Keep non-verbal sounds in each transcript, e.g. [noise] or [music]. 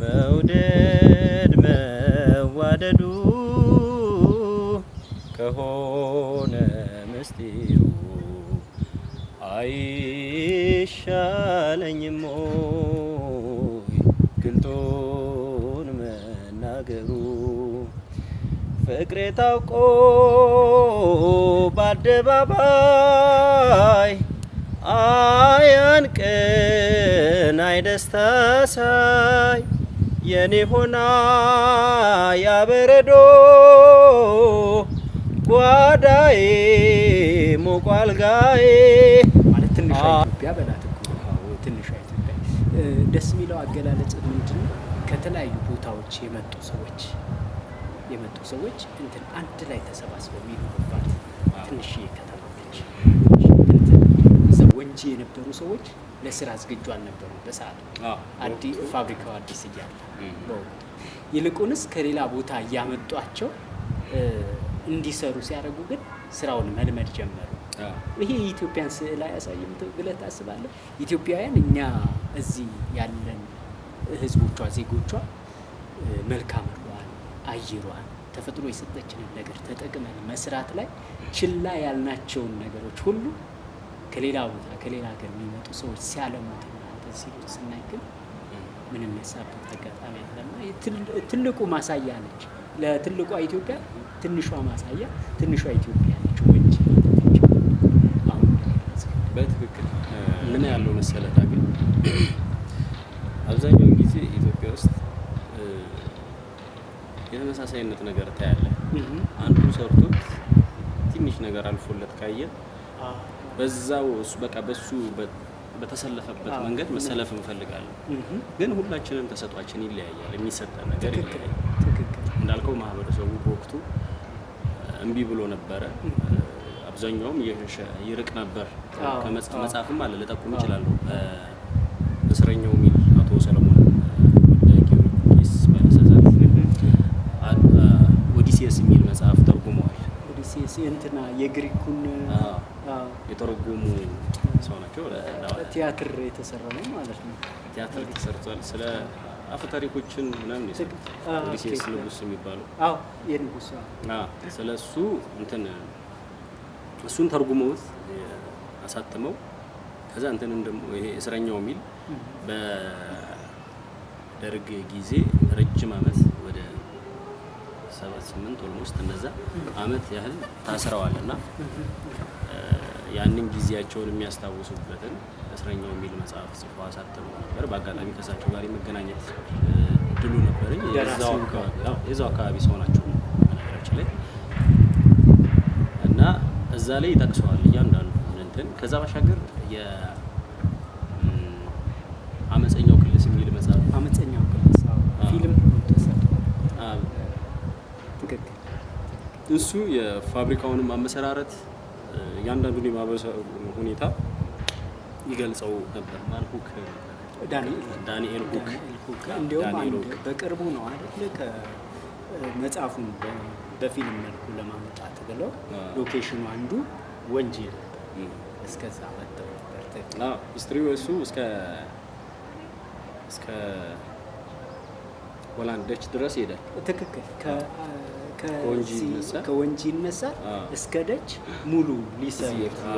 መውደድ መዋደዱ ከሆነ ምስጢሩ አይሻለኝም ሞይ ግልጡን መናገሩ ፍቅሬ ታውቆ በአደባባይ አያን ቀን አይደስታሳይ የኔ ሆና ያበረዶ ጓዳዬ ሞቋ አልጋዬ ማለት ትንሿ ኢትዮጵያ በላት ትንሿ ኢትዮጵያ ደስ የሚለው አገላለጽ ምንድን ነው? ከተለያዩ ቦታዎች የመጡ ሰዎች የመጡ ሰዎች እንትን አንድ ላይ ተሰባስበው የሚኖሩባት ከተማ ነች። ወንጂ የነበሩ ሰዎች ለስራ ዝግጁ አልነበሩም በሰዓቱ አዲስ ፋብሪካው አዲስ እያለ ይልቁንስ ከሌላ ቦታ እያመጧቸው እንዲሰሩ ሲያደርጉ ግን ስራውን መልመድ ጀመሩ። ይሄ የኢትዮጵያን ስዕል አያሳይም ብለህ ታስባለህ? ኢትዮጵያውያን እኛ እዚህ ያለን ህዝቦቿ፣ ዜጎቿ መልካም ሯን አየሯን ተፈጥሮ የሰጠችንን ነገር ተጠቅመን መስራት ላይ ችላ ያልናቸውን ነገሮች ሁሉ ከሌላ ቦታ ከሌላ ሀገር የሚመጡ ሰዎች ሲያለሙት እናንተ ሲሉት ስናይ ግን ምንም የሚያሳብቅ አጋጣሚ አለና ትልቁ ማሳያ ነች። ለትልቋ ኢትዮጵያ ትንሿ ማሳያ ትንሿ ኢትዮጵያ ነች። ወንጭ በትክክል ምን ያለው መሰለታ ግን አብዛኛውን ጊዜ ኢትዮጵያ ውስጥ የተመሳሳይነት ነገር ታያለ። አንዱ ሰርቶት ትንሽ ነገር አልፎለት ካየን በዛው በቃ በሱ በተሰለፈበት መንገድ መሰለፍ እንፈልጋለን። ግን ሁላችንም ተሰጧችን ይለያያል፣ የሚሰጠ ነገር ይለያያል። እንዳልከው ማህበረሰቡ በወቅቱ እምቢ ብሎ ነበረ። አብዛኛውም ይርቅ ነበር። መጽሐፍም አለ ልጠቁም ይችላለሁ። እስረኛው ሚል አቶ ሰለሞን ኦዲሴስ የሚል መጽሐፍ ተርጉመዋል። ኦዲሴስ እንትና የግሪኩን የተረጎሙ ሰው ናቸው። ቲያትር የተሰራ ነው ማለት ነው። ቲያትር ተሰርቷል። ስለ አፈ ታሪኮችን ምናምን ኦዲሴስ ንጉስ የሚባለው የንጉስ ስለ እሱ እንትን እሱን ተርጉመውት አሳትመው ከዛ እንትን ይሄ እስረኛው የሚል በደርግ ጊዜ ረጅም አመት ወደ ሰባት ስምንት ኦልሞስት እነዛ አመት ያህል ታስረዋል እና ያንን ጊዜያቸውን የሚያስታውሱበትን እስረኛው የሚል መጽሐፍ ጽፎ አሳተሙ ነበር። በአጋጣሚ ከእሳቸው ጋር መገናኘት ድሉ ነበረኝ። የዛው አካባቢ ሰው ናቸው በነገራችን ላይ እና እዛ ላይ ይጠቅሰዋል እያንዳንዱ እንትን። ከዛ ባሻገር የአመፀኛው ክልስ የሚል መጽሐፍ አመፀኛው ክልስ ፊልም እሱ የፋብሪካውንም አመሰራረት እያንዳንዱን የማህበረሰብ ሁኔታ ይገልጸው ነበር። ማን ሁክ? ዳንኤል ሁክ። እንዲሁም በቅርቡ ነው አይደል መጽሐፉን በፊልም መልኩ ለማምጣት ብለው ሎኬሽኑ አንዱ ነበር። እስከዛ መጥተው ነበር። ስትሪው እሱ እስከ ሆላንዶች ድረስ ሄዳል። ትክክል። ከወንጂ ይነሳል እስከ ደች ሙሉ ሊሰ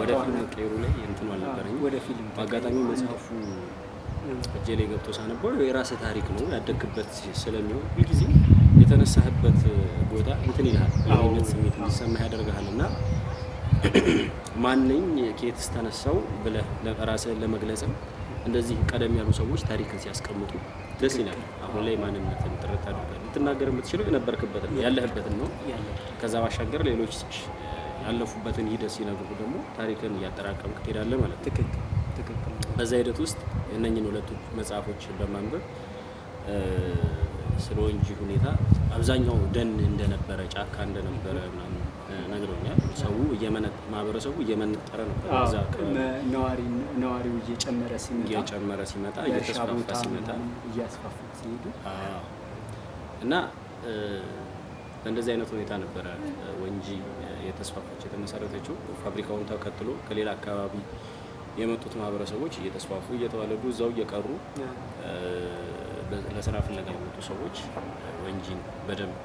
ወደ ፊልም ቀይሩ ላይ እንትኑ አልነበረኝ። ወደ ፊልም በአጋጣሚ መጽሐፉ እጄ ላይ ገብቶ ሳነበው የራስ ታሪክ ነው ያደግበት ስለሚሆን ሁልጊዜ የተነሳህበት ቦታ እንትን ይልሃል፣ የእኔነት ስሜት እንዲሰማህ ያደርግሃል እና [clears throat] ማነኝ ኬትስ ተነሳው ብለህ ራስህን ለመግለጽም እንደዚህ ቀደም ያሉ ሰዎች ታሪክን ሲያስቀምጡ ደስ ይላል። አሁን ላይ ማንነትን ጥረት አድርጋለሁ ልትናገር የምትችለው የነበርክበትን ያለህበትን ነው። ከዛ ባሻገር ሌሎች ያለፉበትን ሂደት ሲነግሩ ደግሞ ታሪክን እያጠራቀምክ ትሄዳለህ ማለት ነው። በዛ ሂደት ውስጥ እነኝን ሁለቱ መጽሐፎች በማንበብ ስለ ወንጂ ሁኔታ አብዛኛው ደን እንደነበረ ጫካ እንደነበረ ምናምን ሰው ማህበረሰቡ እየመነጠረ ነበር። ነዋሪው እየጨመረ ሲመጣ እየጨመረ ሲመጣ እየተስፋፋ ሲመጣ እያስፋፉ ሲሄዱ እና በእንደዚህ አይነት ሁኔታ ነበረ ወንጂ የተስፋፋች የተመሰረተችው። ፋብሪካውን ተከትሎ ከሌላ አካባቢ የመጡት ማህበረሰቦች እየተስፋፉ እየተዋለዱ እዛው እየቀሩ ለስራ ፍለጋ የመጡ ሰዎች ወንጂን በደንብ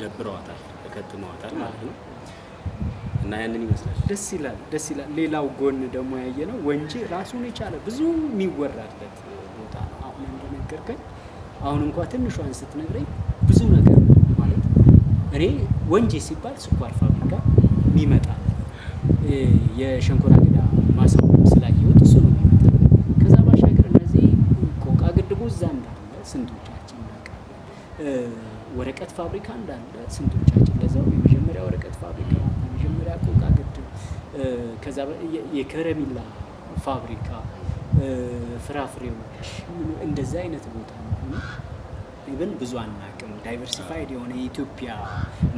ደብረዋታል፣ ከትመዋታል ማለት ነው። እና ያንን ይመስላል። ደስ ይላል፣ ደስ ይላል። ሌላው ጎን ደግሞ ያየ ነው ወንጂ ራሱን የቻለ ብዙ የሚወራለት ቦታ ነው። አሁን እንደነገርከኝ አሁን እንኳ ትንሿን ስትነግረኝ ብዙ ነገር ማለት እኔ ወንጂ ሲባል ስኳር ፋብሪካ የሚመጣ የሸንኮራ አገዳ ማሳው ስላየሁት እሱ ነው የሚመጣ። ከዛ ባሻገር እነዚህ ቆቃ ግድቡ እዛ እንዳለ ስንቶቻችን እናውቃለን። ወረቀት ፋብሪካ እንዳለ ስንቶቻችን ለዛው የመጀመሪያ ወረቀት ፋብሪካ የመጀመሪያ ቆቃ ግድብ፣ ከዛ የከረሚላ ፋብሪካ፣ ፍራፍሬዎች እንደዚ አይነት ቦታ ኢቨን ብዙ አናቅም። ዳይቨርሲፋይድ የሆነ የኢትዮጵያ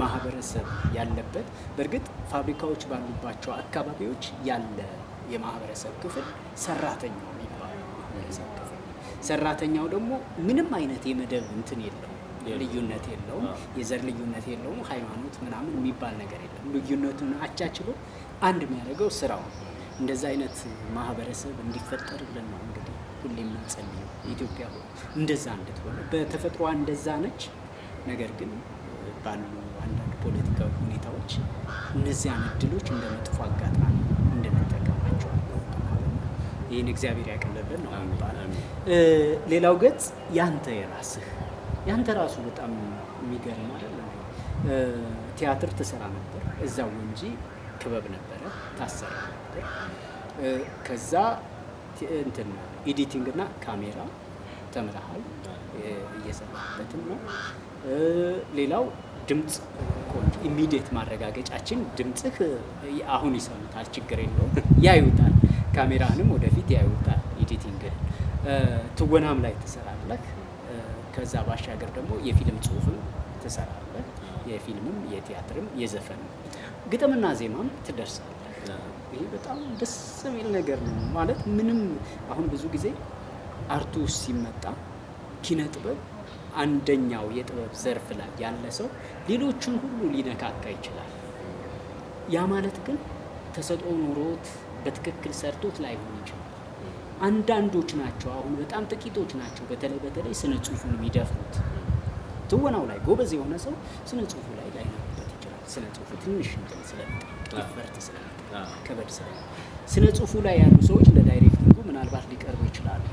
ማህበረሰብ ያለበት በእርግጥ ፋብሪካዎች ባሉባቸው አካባቢዎች ያለ የማህበረሰብ ክፍል ሰራተኛው የሚባለው ማህበረሰብ ክፍል ሰራተኛው ደግሞ ምንም አይነት የመደብ እንትን የለው ልዩነት የለውም። የዘር ልዩነት የለውም። ሃይማኖት ምናምን የሚባል ነገር የለም። ልዩነቱን አቻችሎ አንድ የሚያደርገው ስራው። እንደዛ አይነት ማህበረሰብ እንዲፈጠርልን ነው እንግዲህ ሁሌ የምንጸልየው። ኢትዮጵያ እንደዛ እንድትሆነ በተፈጥሯ እንደዛ ነች። ነገር ግን ባሉ አንዳንድ ፖለቲካዊ ሁኔታዎች እነዚያን እድሎች እንደ መጥፎ አጋጣሚ እንድንጠቀማቸው ይህን እግዚአብሔር ያቀለብን ነው የሚባለው። ሌላው ገጽ ያንተ የራስህ ያንተ ራሱ በጣም የሚገርም አይደለም። ቲያትር ትሰራ ነበር እዛ ወንጂ ክበብ ነበረ ታሰራ ነበር። ከዛ እንትን ኢዲቲንግ እና ካሜራ ተምረሃል እየሰራበትም ነው። ሌላው ድምፅ ኢሚዲየት ማረጋገጫችን ድምፅህ አሁን ይሰሙታል፣ ችግር የለውም ያዩታል። ካሜራህንም ወደፊት ያዩታል። ኤዲቲንግህን ትወናም ላይ ትሰራለህ ከዛ ባሻገር ደግሞ የፊልም ጽሁፍም ትሰራለህ። የፊልምም የቲያትርም የዘፈን ግጥምና ዜማም ትደርሳለህ። ይሄ በጣም ደስ የሚል ነገር ነው። ማለት ምንም አሁን ብዙ ጊዜ አርቱ ሲመጣ ኪነ ጥበብ አንደኛው የጥበብ ዘርፍ ላይ ያለ ሰው ሌሎችን ሁሉ ሊነካካ ይችላል። ያ ማለት ግን ተሰጦ ኑሮት በትክክል ሰርቶት ላይሆን ይችላል። አንዳንዶች ናቸው። አሁን በጣም ጥቂቶች ናቸው። በተለይ በተለይ ስነ ጽሁፉን የሚደፍሩት ትወናው ላይ ጎበዝ የሆነ ሰው ስነ ጽሁፉ ላይ ላይኖርበት ይችላል። ስነ ጽሁፉ ትንሽ እንትን ስለመጣ ፈርት ስለመጣ ከበድ ስነ ጽሁፉ ላይ ያሉ ሰዎች ለዳይሬክቲንጉ ምናልባት ሊቀርቡ ይችላሉ።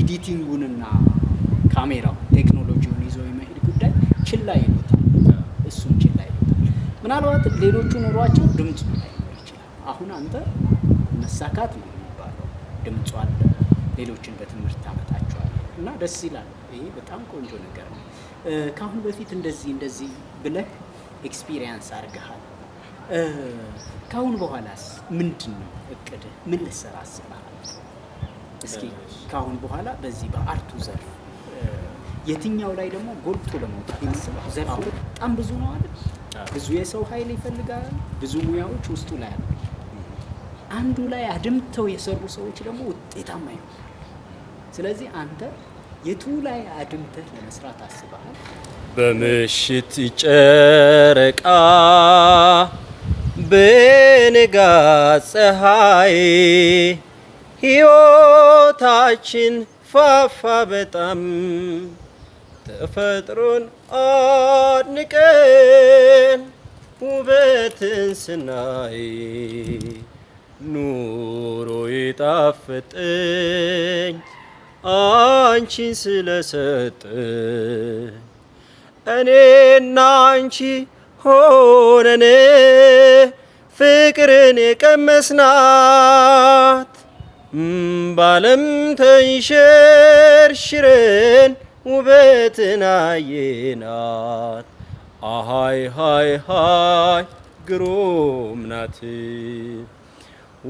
ኢዲቲንጉንና ካሜራው ቴክኖሎጂውን ይዘው የመሄድ ጉዳይ ችላ ይሉታል። እሱን ችላ ይሉታል። ምናልባት ሌሎቹ ኑሯቸው ድምፁ ላይ ይችላል። አሁን አንተ መሳካት ነው ድምጿ ሌሎችን በትምህርት አመጣቸዋል እና ደስ ይላል። ይሄ በጣም ቆንጆ ነገር ነው። ከአሁን በፊት እንደዚህ እንደዚህ ብለህ ኤክስፒሪየንስ አድርገሃል። ከአሁን በኋላስ ምንድን ነው እቅድ? ምን ልትሰራ አስበሃል? እስኪ ከአሁን በኋላ በዚህ በአርቱ ዘርፍ የትኛው ላይ ደግሞ ጎልቶ ለመውጣት አስበሃል? ዘርፉ በጣም ብዙ ነው አይደል? ብዙ የሰው ኃይል ይፈልጋል። ብዙ ሙያዎች ውስጡ ላይ አሉ። አንዱ ላይ አድምተው የሰሩ ሰዎች ደግሞ ውጤታማ ይሆናል። ስለዚህ አንተ የቱ ላይ አድምተህ ለመስራት አስበሃል? በምሽት ጨረቃ በንጋ ፀሐይ ሕይወታችን ፋፋ በጣም ተፈጥሮን አድንቀን ውበትን ስናይ ኑሮ የጣፈጠኝ አንቺን ስለሰጠኝ እኔና አንቺ ሆነን ፍቅርን የቀመስናት ባለም ተንሸርሽረን ውበትን አየናት። አሃይ ሃይ ሃይ ግሩም ናት።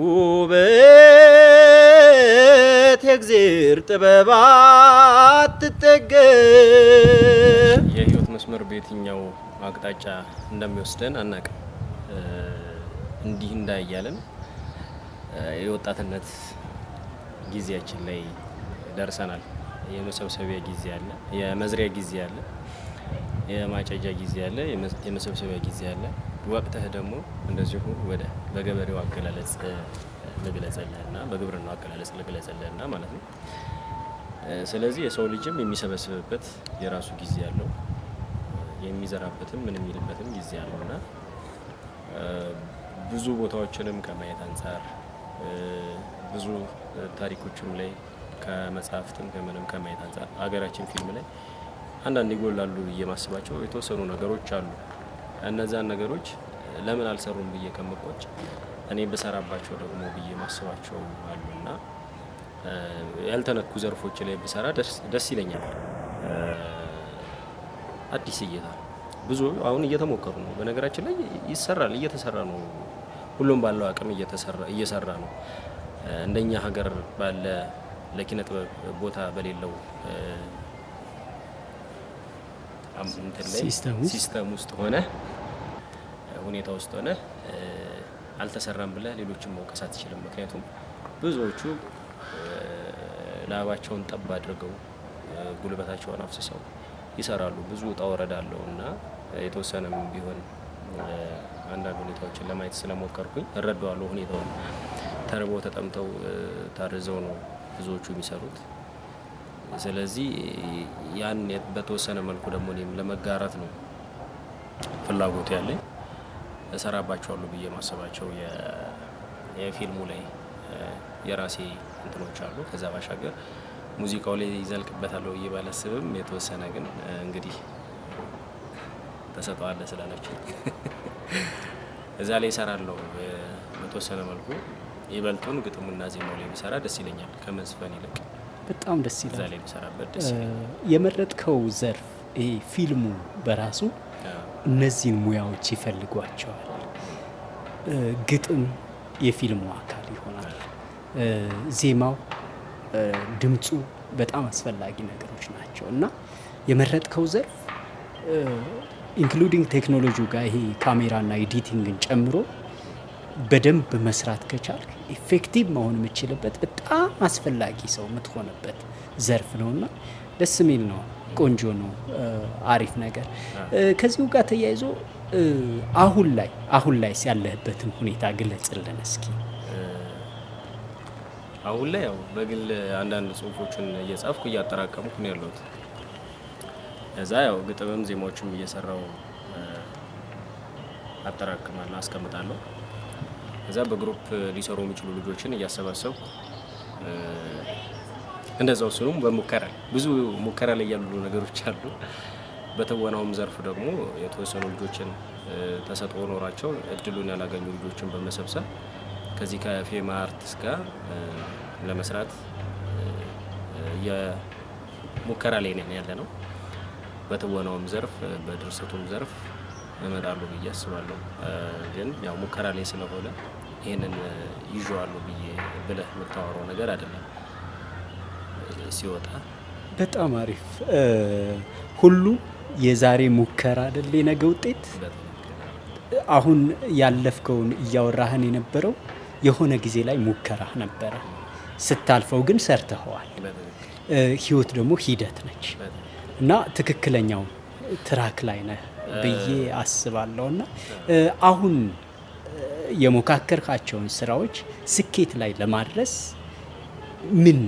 ውበት የእግዜር ጥበብ አትጠገብ። የህይወት መስመር በየትኛው አቅጣጫ እንደሚወስደን አናቅም። እንዲህ እንዳያለን የወጣትነት ጊዜያችን ላይ ደርሰናል። የመሰብሰቢያ ጊዜ አለ፣ የመዝሪያ ጊዜ አለ፣ የማጨጃ ጊዜ አለ፣ የመሰብሰቢያ ጊዜ አለ። ወቅተህ ደግሞ እንደዚሁ ወደ በገበሬው አገላለጽ ልግለጸልህና በግብርናው አገላለጽ ልግለጸልህና ማለት ነው። ስለዚህ የሰው ልጅም የሚሰበስብበት የራሱ ጊዜ አለው፣ የሚዘራበትም ምን የሚልበትም ጊዜ አለውና ብዙ ቦታዎችንም ከማየት አንጻር ብዙ ታሪኮችም ላይ ከመጽሐፍትም ከምንም ከማየት አንጻር ሀገራችን ፊልም ላይ አንዳንድ ይጎላሉ እየማስባቸው ማስባቸው የተወሰኑ ነገሮች አሉ። እነዛን ነገሮች ለምን አልሰሩም ብዬ ከምቆጭ እኔ ብሰራባቸው ደግሞ ብዬ ማስባቸው እና ያልተነኩ ዘርፎች ላይ ብሰራ ደስ ይለኛል። አዲስ እይታ ብዙ አሁን እየተሞከሩ ነው። በነገራችን ላይ ይሰራል፣ እየተሰራ ነው። ሁሉም ባለው አቅም እየሰራ ነው። እንደኛ ሀገር ባለ ለኪነ ጥበብ ቦታ በሌለው ሲስተም ውስጥ ሆነ ሁኔታ ውስጥ ሆነ አልተሰራም ብለ ሌሎችን መውቀስ አትችልም። ምክንያቱም ብዙዎቹ ላባቸውን ጠብ አድርገው ጉልበታቸውን አፍስሰው ይሰራሉ። ብዙ ውጣ ወረድ አለው እና የተወሰነም ቢሆን አንዳንድ ሁኔታዎችን ለማየት ስለሞከርኩኝ እረዳዋለሁ። ሁኔታውን ተርበው ተጠምተው ታርዘው ነው ብዙዎቹ የሚሰሩት። ስለዚህ ያን በተወሰነ መልኩ ደግሞ እኔም ለመጋራት ነው ፍላጎቱ ያለኝ። እሰራባቸዋለሁ ብዬ ማሰባቸው የፊልሙ ላይ የራሴ እንትኖች አሉ። ከዛ ባሻገር ሙዚቃው ላይ ይዘልቅበታለሁ ብዬ ባላስብም የተወሰነ ግን እንግዲህ ተሰጠዋለ ስላላቸው [laughs] እዛ ላይ ይሰራለሁ። በተወሰነ መልኩ ይበልጡን ግጥሙና ዜማው ላይ ሚሰራ ደስ ይለኛል ከመዝፈን ይልቅ በጣም ደስ ይላል። የመረጥከው ዘርፍ ይሄ ፊልሙ በራሱ እነዚህን ሙያዎች ይፈልጓቸዋል። ግጥም የፊልሙ አካል ይሆናል። ዜማው፣ ድምፁ በጣም አስፈላጊ ነገሮች ናቸው እና የመረጥከው ዘርፍ ኢንክሉዲንግ ቴክኖሎጂው ጋር ይሄ ካሜራና ኤዲቲንግን ጨምሮ በደንብ መስራት ከቻልክ ኢፌክቲቭ መሆን የምችልበት በጣም አስፈላጊ ሰው የምትሆንበት ዘርፍ ነው ነውና ደስ የሚል ነው። ቆንጆ ነው። አሪፍ ነገር ከዚሁ ጋር ተያይዞ አሁን ላይ አሁን ላይ ያለህበትን ሁኔታ ግለጽልን እስኪ። አሁን ላይ ያው በግል አንዳንድ ጽሁፎችን እየጻፍኩ እያጠራቀምኩ ነው ያለሁት። እዛ ያው ግጥምም ዜማዎችም እየሰራው አጠራቅማለሁ፣ አስቀምጣለሁ። እዛ በግሩፕ ሊሰሩ የሚችሉ ልጆችን እያሰባሰብኩ እንደዛው ሲሆን በሙከራ ብዙ ሙከራ ላይ ያሉ ነገሮች አሉ። በትወናውም ዘርፍ ደግሞ የተወሰኑ ልጆችን ተሰጥኦ ኖራቸው እድሉን ያላገኙ ልጆችን በመሰብሰብ ከዚህ ከፌማ አርትስ ጋር ለመስራት የሙከራ ላይ ነን ያለ ነው። በትወናውም ዘርፍ በድርሰቱም ዘርፍ እመጣሉ ብዬ አስባለሁ። ግን ያው ሙከራ ላይ ስለሆነ ይህንን ይዤዋለሁ ብዬ ብለህ የምታወራው ነገር አይደለም። ሲወጣ በጣም አሪፍ ሁሉም የዛሬ ሙከራ አይደል የነገ ውጤት። አሁን ያለፍከውን እያወራህን የነበረው የሆነ ጊዜ ላይ ሙከራ ነበረ፣ ስታልፈው ግን ሰርተኸዋል። ህይወት ደግሞ ሂደት ነች እና ትክክለኛው ትራክ ላይ ነህ ብዬ አስባለሁ። እና አሁን የሞካከርካቸውን ስራዎች ስኬት ላይ ለማድረስ ምን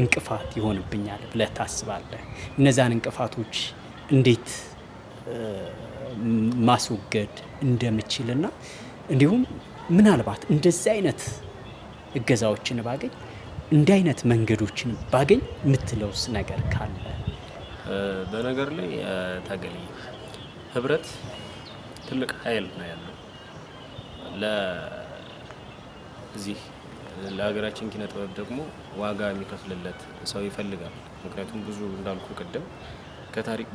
እንቅፋት ይሆንብኛል ብለህ ታስባለህ? እነዛን እንቅፋቶች እንዴት ማስወገድ እንደምችልና እንዲሁም ምናልባት እንደዚህ አይነት እገዛዎችን ባገኝ እንዲህ አይነት መንገዶችን ባገኝ የምትለውስ ነገር ካለ? በነገር ላይ ታገል ህብረት ትልቅ ኃይል ነው ያለው ለዚህ ለሀገራችን ኪነ ጥበብ ደግሞ ዋጋ የሚከፍልለት ሰው ይፈልጋል። ምክንያቱም ብዙ እንዳልኩ ቅድም ከታሪክ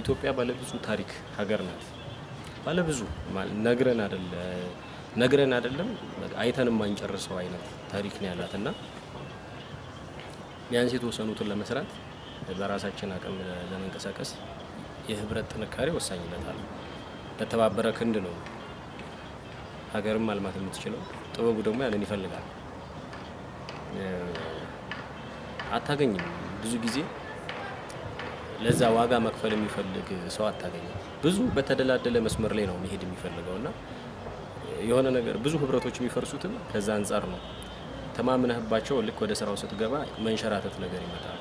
ኢትዮጵያ ባለብዙ ታሪክ ሀገር ናት። ባለብዙ ነግረን አደለ ነግረን አይደለም አይተንም የማንጨርሰው አይነት ታሪክ ነው ያላት እና ቢያንስ የተወሰኑትን ለመስራት በራሳችን አቅም ለመንቀሳቀስ የህብረት ጥንካሬ ወሳኝነት አለ። በተባበረ ክንድ ነው ሀገርም ማልማት የምትችለው። ጥበቡ ደግሞ ያንን ይፈልጋል። አታገኝም። ብዙ ጊዜ ለዛ ዋጋ መክፈል የሚፈልግ ሰው አታገኝም። ብዙ በተደላደለ መስመር ላይ ነው መሄድ የሚፈልገው እና የሆነ ነገር ብዙ ህብረቶች የሚፈርሱትም ከዛ አንጻር ነው። ተማምነህባቸው ልክ ወደ ስራው ስትገባ መንሸራተት ነገር ይመጣል።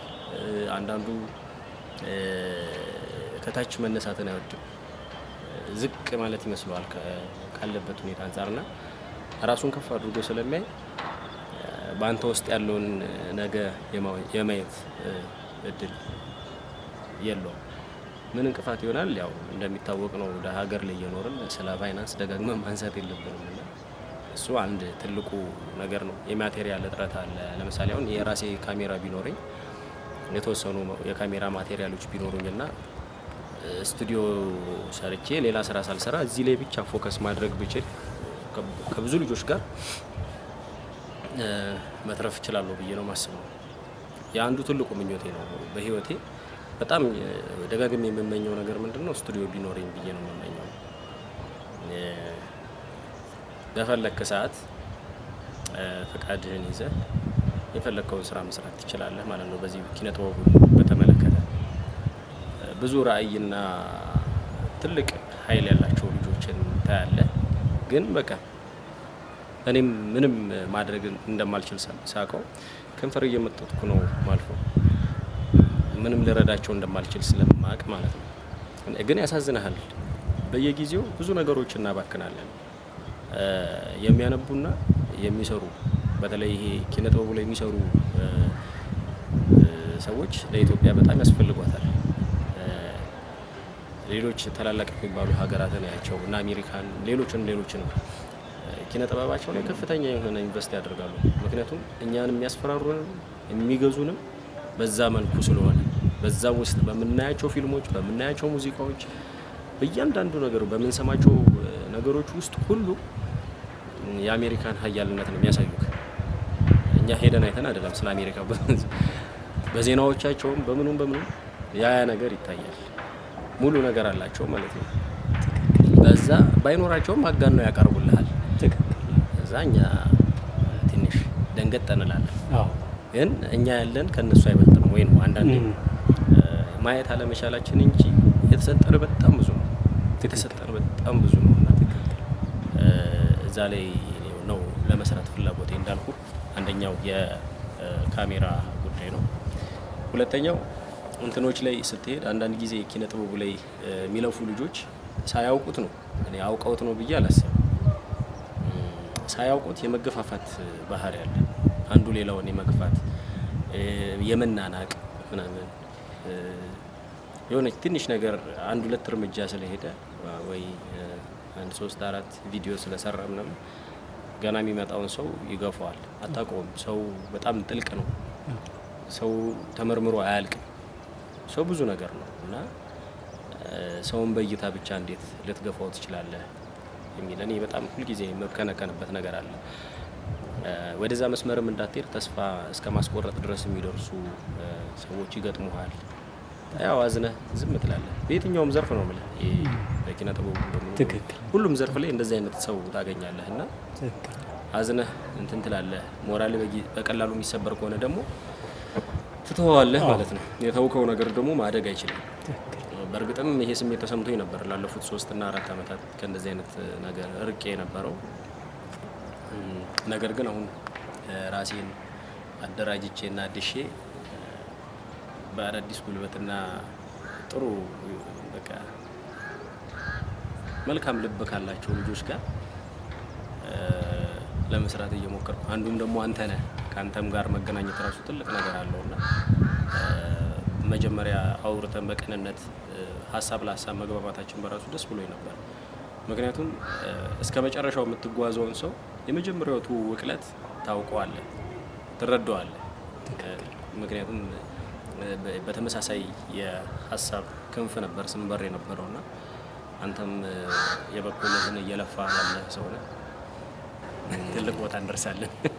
አንዳንዱ ከታች መነሳትን አይወድም። ዝቅ ማለት ይመስለዋል ካለበት ሁኔታ አንጻርና ራሱን ከፍ አድርጎ ስለሚያይ በአንተ ውስጥ ያለውን ነገ የማየት እድል የለውም። ምን እንቅፋት ይሆናል? ያው እንደሚታወቅ ነው ወደ ሀገር ላይ እየኖርን ስለ ፋይናንስ ደጋግመን [laughs] ማንሳት የለብንም እና እሱ አንድ ትልቁ ነገር ነው። የማቴሪያል እጥረት አለ። ለምሳሌ አሁን የራሴ ካሜራ ቢኖረኝ የተወሰኑ የካሜራ ማቴሪያሎች ቢኖሩኝ እና ስቱዲዮ ሰርቼ ሌላ ስራ ሳልሰራ እዚህ ላይ ብቻ ፎከስ ማድረግ ብችል ከብዙ ልጆች ጋር መትረፍ እችላለሁ ብዬ ነው ማስበው። የአንዱ ትልቁ ምኞቴ ነው። በህይወቴ በጣም ደጋግሜ የምመኘው ነገር ምንድን ነው? ስቱዲዮ ቢኖረኝ ብዬ ነው የምመኘው። በፈለግክ ሰዓት ፈቃድህን ይዘ የፈለግከውን ስራ መስራት ትችላለህ ማለት ነው። በዚህ ኪነጥበቡ በተመለከተ ብዙ ራዕይና ትልቅ ኃይል ያላቸው ልጆችን ታያለህ። ግን በቃ እኔም ምንም ማድረግ እንደማልችል ሳቀው ከንፈር እየመጠጥኩ ነው ማልፎ ምንም ልረዳቸው እንደማልችል ስለማቅ ማለት ነው። ግን ያሳዝናሃል። በየጊዜው ብዙ ነገሮች እናባክናለን። የሚያነቡና የሚሰሩ በተለይ ይሄ ኪነጥበቡ ላይ የሚሰሩ ሰዎች ለኢትዮጵያ በጣም ያስፈልጓታል። ሌሎች ታላላቅ የሚባሉ ሀገራትን ያቸው እና አሜሪካን ሌሎችን ሌሎችን ኪነ ጥበባቸው ላይ ከፍተኛ የሆነ ኢንቨስት ያደርጋሉ። ምክንያቱም እኛን የሚያስፈራሩንም የሚገዙንም በዛ መልኩ ስለሆነ በዛ ውስጥ በምናያቸው ፊልሞች፣ በምናያቸው ሙዚቃዎች፣ በእያንዳንዱ ነገር በምንሰማቸው ነገሮች ውስጥ ሁሉ የአሜሪካን ሀያልነት ነው የሚያሳዩት። እኛ ሄደን አይተን አይደለም ስለ አሜሪካ፣ [laughs] በዜናዎቻቸውም በምኑም በምኑም ያያ ነገር ይታያል። ሙሉ ነገር አላቸው ማለት ነው። በዛ ባይኖራቸውም አጋን ነው ያቀርቡልሃል። እዛ እኛ ትንሽ ደንገጥ እንላለን። ግን እኛ ያለን ከእነሱ አይበልጥ ወይ ነው አንዳንዴ ማየት አለመቻላችን እንጂ የተሰጠነ በጣም ብዙ ነው። የተሰጠነ በጣም ብዙ ነው እና እዛ ላይ ነው ለመስራት ፍላጎቴ እንዳልኩ አንደኛው የካሜራ ጉዳይ ነው። ሁለተኛው እንትኖች ላይ ስትሄድ አንዳንድ ጊዜ ኪነ ጥበቡ ላይ የሚለፉ ልጆች ሳያውቁት ነው እኔ አውቀውት ነው ብዬ አላስብም። ሳያውቁት የመገፋፋት ባህሪ አለ። አንዱ ሌላውን የመግፋት የመናናቅ ምናምን የሆነች ትንሽ ነገር አንድ ሁለት እርምጃ ስለሄደ ወይ አንድ ሶስት አራት ቪዲዮ ስለሰራ ምናምን ገና የሚመጣውን ሰው ይገፋዋል። አታውቀውም። ሰው በጣም ጥልቅ ነው። ሰው ተመርምሮ አያልቅም። ሰው ብዙ ነገር ነው እና ሰውን በእይታ ብቻ እንዴት ልትገፋው ትችላለህ? የሚል እኔ በጣም ሁልጊዜ የምብከነከንበት ነገር አለ። ወደዛ መስመርም እንዳትሄድ ተስፋ እስከ ማስቆረጥ ድረስ የሚደርሱ ሰዎች ይገጥሙሃል። ያው አዝነህ ዝም ትላለህ። በየትኛውም ዘርፍ ነው ምለ በኪነ ሁሉም ዘርፍ ላይ እንደዚህ አይነት ሰው ታገኛለህ እና አዝነህ እንትን ትላለህ። ሞራል በቀላሉ የሚሰበር ከሆነ ደግሞ ትተዋለህ ማለት ነው። የተውከው ነገር ደግሞ ማደግ አይችልም። በእርግጥም ይሄ ስሜት ተሰምቶኝ ነበር ላለፉት እና አራት ዓመታት ከእንደዚህ አይነት ነገር እርቄ የነበረው። ነገር ግን አሁን ራሴን አደራጅቼና አድሼ በአዳዲስ ጉልበትና ጥሩ በቃ መልካም ልብ ካላቸው ልጆች ጋር ለመስራት እየሞከርኩ አንዱም ደግሞ አንተ ነህ። ከአንተም ጋር መገናኘት ራሱ ትልቅ ነገር አለውና መጀመሪያ አውርተን በቅንነት ሀሳብ ለሀሳብ መግባባታችን በራሱ ደስ ብሎ ነበር። ምክንያቱም እስከ መጨረሻው የምትጓዘውን ሰው የመጀመሪያው ትውውቅ ዕለት ታውቀዋለህ፣ ትረዳዋለህ። ምክንያቱም በተመሳሳይ የሀሳብ ክንፍ ነበር ስንበር የነበረውና አንተም የበኩልህን እየለፋ ያለ ሰው ነህ። ትልቅ ቦታ እንደርሳለን።